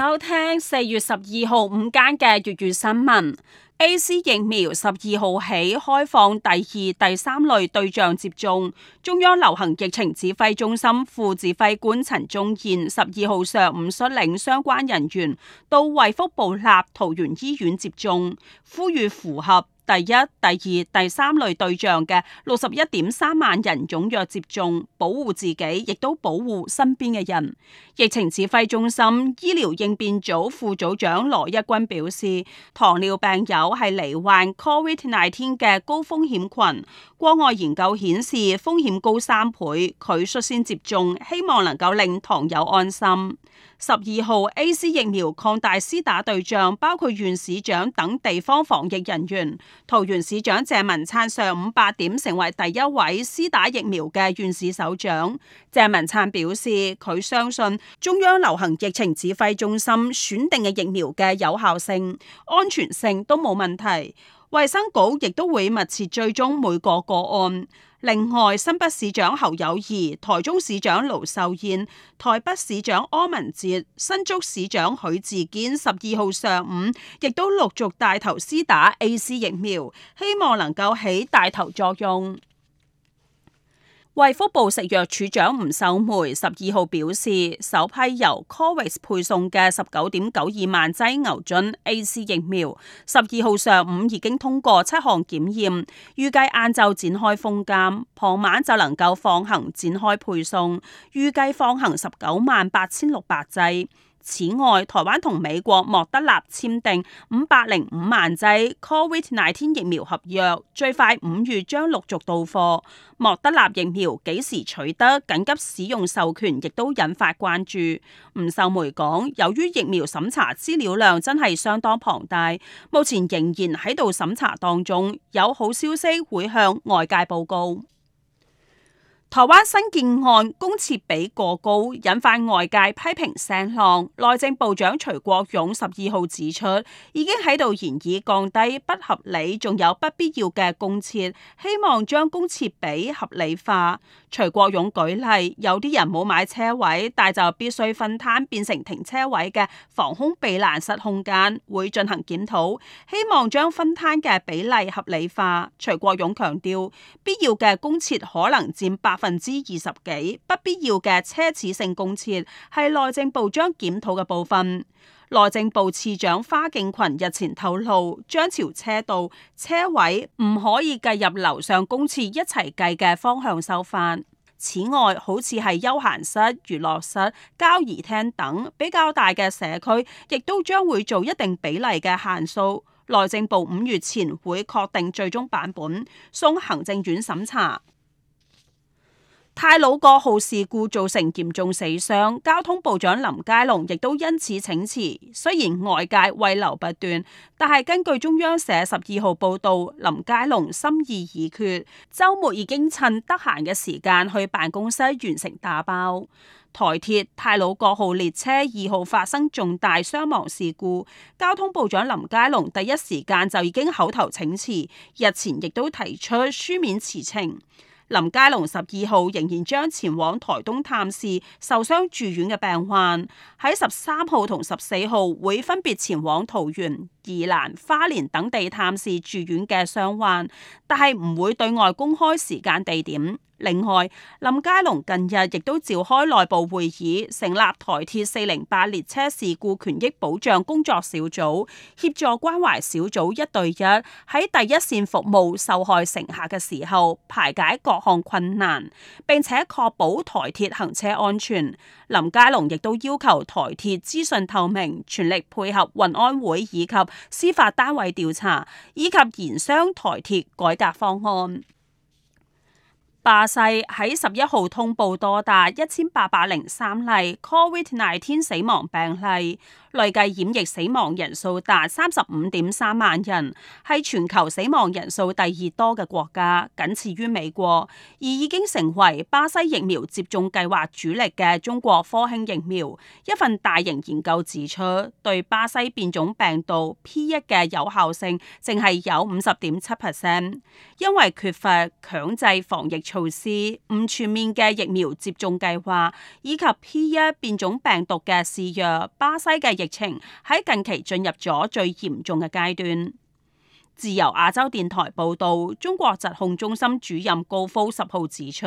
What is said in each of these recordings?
收聽四月十二號午間嘅粵語新聞。AZ 疫苗十二號起開放第二、第三類對象接種。中央流行疫情指揮中心副指揮官陳宗彥十二號上午率領相關人員到衛福部立桃園醫院接種，呼籲符合。第一、第二、第三類對象嘅六十一點三萬人踴躍接種，保護自己，亦都保護身邊嘅人。疫情指揮中心醫療應變組副組長羅一鈞表示，糖尿病友係罹患 COVID-19 嘅高風險群。國外研究顯示風險高三倍，佢率先接種，希望能夠令糖友安心。十二號 AZ 疫苗擴大施打對象，包括縣市長等地方防疫人員。桃園市長鄭文燦上午八點成為第一位施打疫苗嘅縣市首長。鄭文燦表示，佢相信中央流行疫情指揮中心選定嘅疫苗嘅有效性、安全性都冇問題。衛生局亦都會密切追蹤每個個案。另外，新北市長侯友宜、台中市長盧秀燕、台北市長柯文哲、新竹市長許智堅，十二號上午亦都陸續帶頭施打 AZ 疫苗，希望能夠起帶頭作用。衛福部食藥署長吳秀梅十二號表示，首批由 COVAX 配送嘅十九點九二萬劑牛津 AZ 疫苗，十二號上午已經通過七項檢驗，預計晏晝展開封緘，傍晚就能夠放行展開配送，預計放行十九萬八千六百劑。此外，台灣同美國莫德納簽訂五百零五萬劑 COVID-19 疫苗合約，最快五月將陸續到貨。莫德納疫苗幾時取得緊急使用授權，亦都引發關注。吳秀梅講，由於疫苗審查資料量真係相當龐大，目前仍然喺度審查當中，有好消息會向外界報告。台灣新建案公設比過高，引發外界批評聲浪。內政部長徐國勇十二號指出，已經喺度研議降低不合理，仲有不必要嘅公設，希望將公設比合理化。徐國勇舉例，有啲人冇買車位，但就必須分攤變成停車位嘅防空避難室空間，會進行檢討，希望將分攤嘅比例合理化。徐國勇強調，必要嘅公設可能占八。百分之二十幾，不必要嘅奢侈性公設係內政部將檢討嘅部分。內政部次長花敬群日前透露，將朝車道車位唔可以計入樓上公設一齊計嘅方向修法。此外，好似係休閒室、娛樂室、交誼廳等比較大嘅社區，亦都將會做一定比例嘅限數。內政部五月前會確定最終版本，送行政院審查。太魯閣號事故造成嚴重死傷，交通部長林佳龍亦都因此請辭。雖然外界慰留不斷，但係根據中央社十二號報導，林佳龍心意已決，週末已經趁得閒嘅時間去辦公室完成打包。台鐵太魯閣號列車二號發生重大傷亡事故，交通部長林佳龍第一時間就已經口頭請辭，日前亦都提出書面辭呈。林佳龍十二號仍然將前往台東探視受傷住院嘅病患，喺十三號同十四號會分別前往桃園，宜蘭、花蓮等地探視住院嘅傷患，但係唔會對外公開時間、地點。另外，林佳龍近日亦都召開內部會議，成立台鐵四零八列車事故權益保障工作小組，協助關懷小組一對一喺第一線服務受害乘客嘅時候排解各項困難，並且確保台鐵行車安全。林佳龍亦都要求台鐵資訊透明，全力配合運安會以及。司法單位調查，以及研商台鐵改革方案。巴西喺十一號通報多達一千八百零三例 Covid nineteen 死亡病例，累計染疫死亡人數達三十五點三萬人，係全球死亡人數第二多嘅國家，僅次於美國。而已經成為巴西疫苗接種計劃主力嘅中國科興疫苗，一份大型研究指出，對巴西變種病毒 P 一嘅有效性淨係有五十點七 percent，因為缺乏強制防疫措施，措施唔全面嘅疫苗接種計劃，以及 P1 變種病毒嘅肆虐，巴西嘅疫情喺近期進入咗最嚴重嘅階段。自由亞洲電台報道，中國疾控中心主任高福十號指出，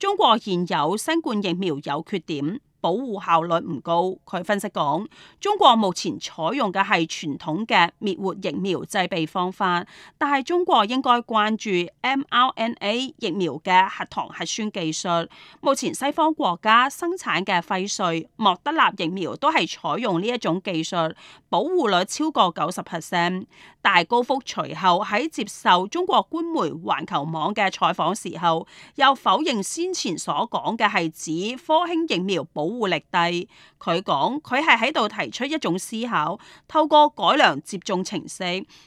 中國現有新冠疫苗有缺點。保護效率唔高。佢分析講，中國目前採用嘅係傳統嘅滅活疫苗製備方法，但係中國應該關注 mRNA 疫苗嘅核糖核酸技術。目前西方國家生產嘅輝瑞、莫德納疫苗都係採用呢一種技術，保護率超過九十 percent。但係高福隨後喺接受中國官媒環球網嘅採訪時候，又否認先前所講嘅係指科興疫苗保護力低，佢講佢係喺度提出一種思考，透過改良接種程式，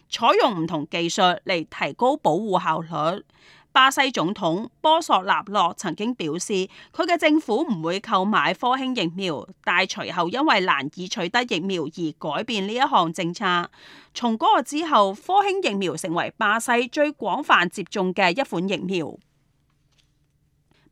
採用唔同技術嚟提高保護效率。巴西總統波索納洛曾經表示，佢嘅政府唔會購買科興疫苗，但隨後因為難以取得疫苗而改變呢一項政策。從嗰個之後，科興疫苗成為巴西最廣泛接種嘅一款疫苗。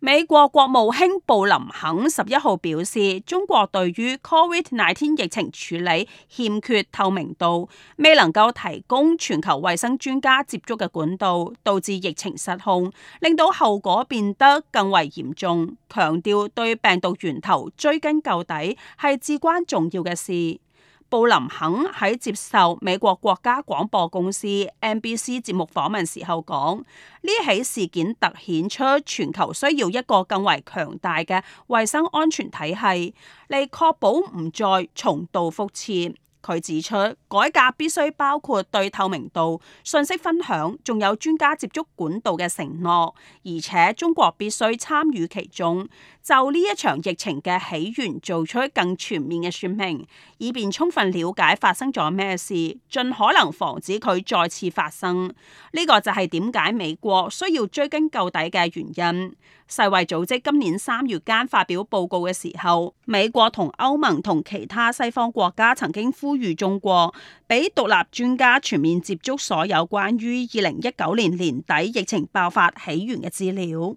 美國國務卿布林肯十一號表示，中國對於 Covid-19 疫情處理欠缺透明度，未能夠提供全球衛生專家接觸嘅管道，導致疫情失控，令到後果變得更為嚴重。強調對病毒源頭追根究底係至關重要嘅事。布林肯喺接受美國國家廣播公司 NBC 節目訪問時候講，呢起事件凸顯出全球需要一個更為強大嘅衛生安全體系，嚟確保唔再重蹈覆轍。佢指出，改革必須包括對透明度、信息分享，仲有專家接觸管道嘅承諾，而且中國必須參與其中。就呢一場疫情嘅起源做出更全面嘅説明，以便充分了解發生咗咩事，盡可能防止佢再次發生。呢個就係點解美國需要追根究底嘅原因。世衛組織今年三月間發表報告嘅時候，美國同歐盟同其他西方國家曾經呼籲中國，俾獨立專家全面接觸所有關於二零一九年年底疫情爆發起源嘅資料。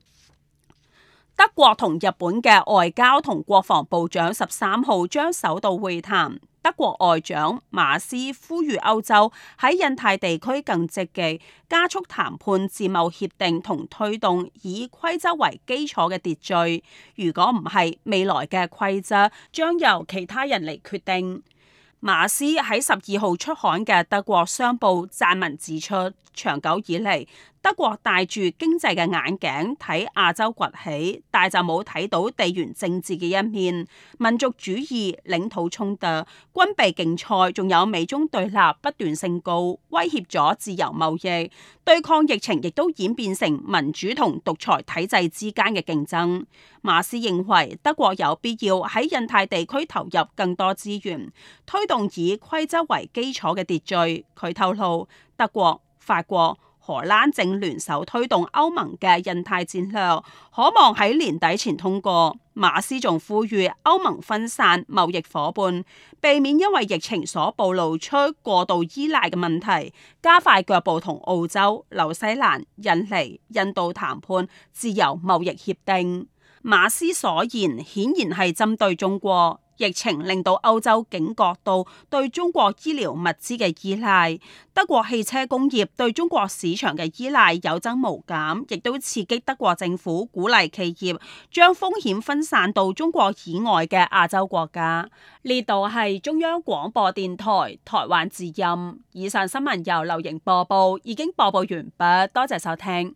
德國同日本嘅外交同國防部長十三號將首度會談。德國外長馬斯呼籲歐洲喺印太地區更積極，加速談判自貿協定同推動以規則為基礎嘅秩序。如果唔係，未來嘅規則將由其他人嚟決定。馬斯喺十二號出刊嘅德國商報撰文指出，長久以來，德國戴住經濟嘅眼鏡睇亞洲崛起，但就冇睇到地緣政治嘅一面。民族主義、領土衝突、軍備競賽，仲有美中對立不斷升高，威脅咗自由貿易。對抗疫情亦都演變成民主同獨裁體制之間嘅競爭。馬斯認為德國有必要喺印太地區投入更多資源，推動以規則為基礎嘅秩序。佢透露，德國、法國。荷蘭正聯手推動歐盟嘅印太戰略，可望喺年底前通過。馬斯仲呼籲歐盟分散貿易夥伴，避免因為疫情所暴露出過度依賴嘅問題，加快腳步同澳洲、紐西蘭、印尼、印度談判自由貿易協定。馬斯所言顯然係針對中國。疫情令到歐洲警覺到對中國醫療物資嘅依賴，德國汽車工業對中國市場嘅依賴有增無減，亦都刺激德國政府鼓勵企業將風險分散到中國以外嘅亞洲國家。呢度係中央廣播電台台灣之音，以上新聞由劉瑩播報，已經播報完畢，多謝收聽。